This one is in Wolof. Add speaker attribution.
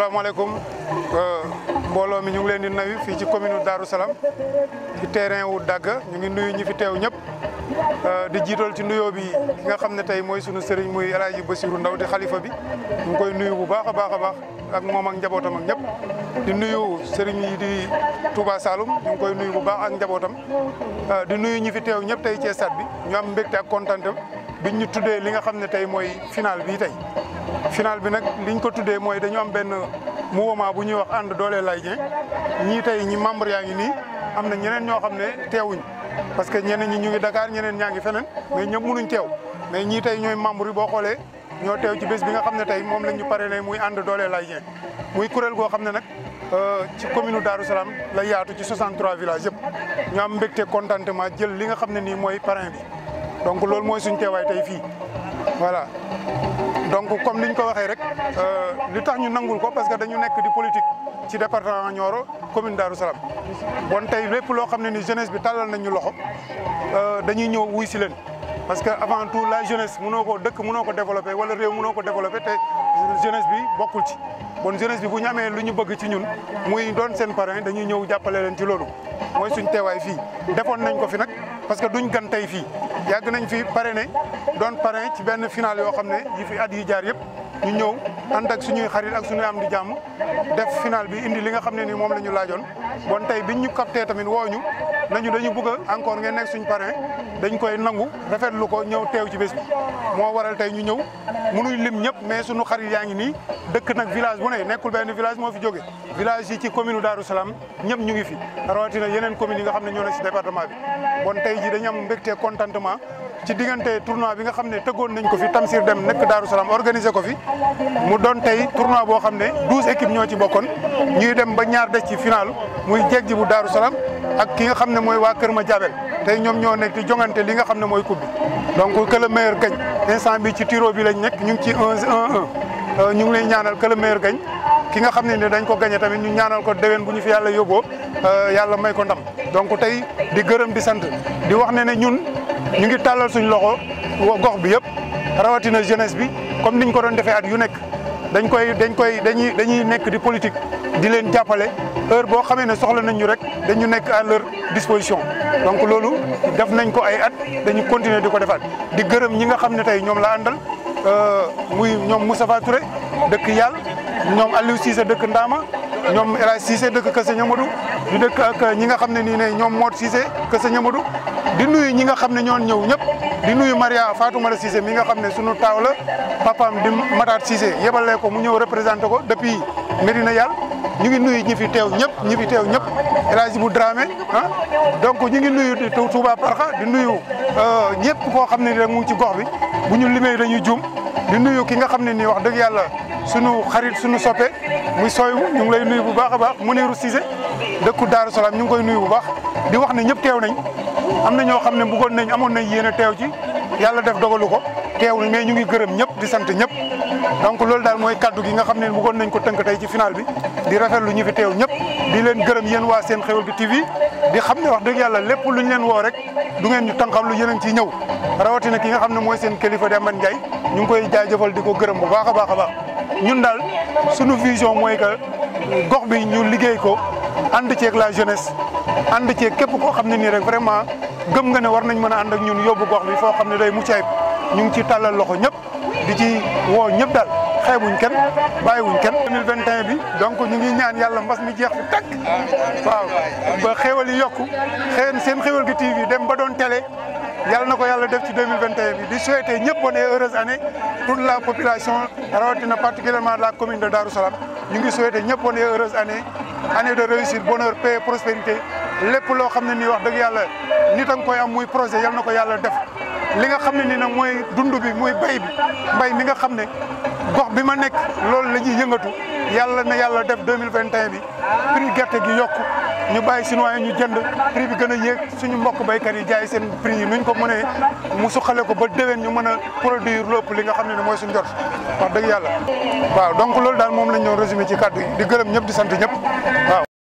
Speaker 1: alaikum. Euh, mbooloo mi ñu ngi leen di nuyu fii ci commune Daru Salam ci terrain wu dagg ñu ngi nuyu ñi fi teew ñëpp euh, di jiital ci nuyoo bi ki nga xam ne tey mooy sunu sëriñ muy El Hadj Bassirou Ndaw di xalifa bi ñu ngi koy nuyu bu baax a baax a baax ak moom ak njabootam ak ñëpp di nuyu sëriñ yi di Touba Saloum ñu ngi koy nuyu bu baax ak njabootam euh, di nuyu ñi fi teew ñëpp tey ci stade bi ñu am mbégte ak kontaan bi ñu tuddee li nga xam ne tey mooy final bii tey final bi nag liñ ko tuddee mooy dañu am benn mouvement bu ñuy wax ànd dooleel Laye Dieng ñii tey ñi membre yaa ngi nii am na ñeneen ñoo xam ne teewuñ parce que ñeneen ñi ñu ngi Dakar ñeneen ñaa ngi feneen mais ñëpp mënuñ teew mais ñii tey ñooy membre yi boo xoolee ñoo teew ci bes bi nga xam ne tey moom lañ ñu parrainé muy ànd doole Laye Dieng muy kuréel goo xam ne nag euh, ci commune Darou Salam la yaatu ci 63 village yëpp ñu am mbégte contentement jël li nga xam ne nii mooy parrain bi donc lool moy suñu téway tay fi voilà donc comme niñ ko waxé rek euh, li tax ñu nangul ko parce que dañu nekk di politique ci département Nioro commune Darou Salam bon tay lepp lo xamné ni jeunesse bi talal nañu loxo euh dañuy ñëw wuy ci leen parce que avant tout la jeunesse mënoo ko dëkk mënoo ko développé wala réew mënoo ko développé te jeunesse bi bokul ci bon jeunesse bi bu ñamé lu ñu bëgg ci ñun muy doon seen parrain dañuy ñëw jappalé leen ci lolu moy suñu téway fi defoon nañ ko fi nak parce que duñ gan tay fi yàgg nañ fi parrainé doon parrain ci benn final yoo xam ne yi fi at yi jaar yëpp ñu ñëw ànd ak suñuy xarit ak suñuy am di jàmm def final bi indi li nga xam ne nii moom la ñu laajoon bon tey biñ ñu capté tamit woo ñu nañu dañu bëgg a encore ngeen nekk suñu parrain dañ koy nangu rafetlu ko ñëw teew ci bés bi moo waral tey ñu ñëw mënuñ lim ñëpp mais suñu xarit yaa ngi nii dëkk nag village bu ne nekkul benn village moo fi jóge village yi ci commune Darou Salam ñëpp ñu ngi fi rawatina yeneen communes yi nga xam ne ñoo ne si département bi bon tey ji dañu am mbégte contentement ci diggante tournoi bi nga xam ne tëggoon nañ ko fi Tamsir Deme nekk Daaru Salaam organisé ko fi mu doon tey tournoi boo xam ne douze équipes ñoo ci bokkoon ñuy dem ba ñaar des ci final muy jeeg ji bu Daaru Salaam ak ki nga xam ne mooy waa Kër ma Madiabel tey ñoom ñoo nekk di jongante li nga xam ne mooy coupe bi donc que le instant bi ci tiro bi lañ nekk ñu ngi ci 1 1 euh, ñu ngi lay ñaanal que gañ ki nga xam ne ne dañ ko gagné tamit ñu ñaanal ko déwén bu ñu fi yàlla yóbboo euh, yàlla may ko ndam donc tey di sant ñu ngi tàllal suñu loxo gox bi yëpp rawatina jeunesse bi comme niñ ko doon defee at yu nekk dañ koy dañ koy dañuy dañuy nekk di politique di leen jàppale heure boo xamee ne soxla nañ ñu rek dañu nekk à leur disposition donc loolu def nañ ko ay at dañu continuer di ko defaat di gërëm ñi nga xam ne tey ñoom la àndal euh, muy ñoom Moustapha dëkk Yàlla ñoom Aliou Cissé dëkk Ndama ñoom El Hadj Cissé dëkk Kese Ñamadou ñu dëkk ak ñi nga xam ne nii ne ñoom Mor Cissé Kese Ñamadou di nuyu ñi nga xam ne ñoon ñëw ñëpp di nuyu Maria Fatoumata Cissé mi nga xam ne sunu taaw la papaam di Matar Cissé yebalee ko mu ñëw représenté ko depuis Medina Yàlla ñu ngi nuyu ñi fi teew ñëpp ñi fi teew ñëpp El bu Dramé ah donc ñu ngi nuyu Touba Parxa di nuyu euh, ñëpp koo xam ne ni rek mu ngi ci gox bi bu ñu limee dañuy juum di nuyu ki nga xam ne nii wax dëgg yàlla sunu xarit sunu soppe muy sooyu ñu ngi lay nuyu bu baax a baax Muniru Cissé dëkk Daaru Salaam ñu ngi koy nuyu bu baax di wax ne ñëpp teew nañ am na ñoo xam ne bëggoon nañ amoon nañ yéen teew ci yàlla def dogalu ko teewul mais ñu ngi gërëm ñëpp di sant ñëpp donc loolu daal mooy kaddu gi nga xam ne bëggoon nañ ko tënk tey ci final bi di rafetlu ñu fi teew ñëpp di leen gërëm yéen waa seen xewal gi TV di xam ne wax dëgg yàlla lépp lu ñu leen woo rek du ngeen ñu tànqam lu yéen ci ñëw rawatina ki nga xam ne mooy seen kilifa Demba Ndiaye ñu ngi koy jaajëfal di ko gërëm bu baax a baax ñun daal suñu vision mooy que gox bi ñu liggéey ko ànd ceeg la jeunesse ànd ci képp koo xam ne nii rek vraiment gëm nga ne war nañ mën a ànd ak ñun yóbbu gox bi foo xam ne day mucc ayib ñu ngi ci tàllal loxo ñëpp di ci woo ñëpp daal xeebuñ kenn bàyyiwuñ kenn 2021 bi donc ñu ngi ñaan yàlla mbas mi jeex fi takk waaw ba xéewal seen xewal gi TV dem ba doon télé yàlla na ko yàlla def ci 2021 bi di souhaiter ñëpp bonne et heureuse année la population rawatina particulièrement la de Darou Salam ñu ngi souhaiter ñëpp bonne et heureuse année année de réussite bonheur paix prospérité lépp loo xam ne nii wax dëgg yàlla nit a nga koy am muy projet yal na ko yàlla def li nga xam ne nii nag mooy dund bi muy bay bi mbay mi nga xam ne gox bi ma nekk loolu la ñuy yëngatu yàlla na yàlla def 2021 bi prix gerte gi yokku ñu bàyyi chinois yi ñu jënd prix bi gën a yéeg suñu mbokk baykat yi jaay seen prix yi nuñ ko mënee mu suqale ko ba déwén ñu mën a produire lépp li nga xam ne ni mooy suñu jot wax dëgg yàlla waaw donc loolu daal moom lañ ñoo résumé ci kàddu yi di gërëm ñëpp di sant ñëpp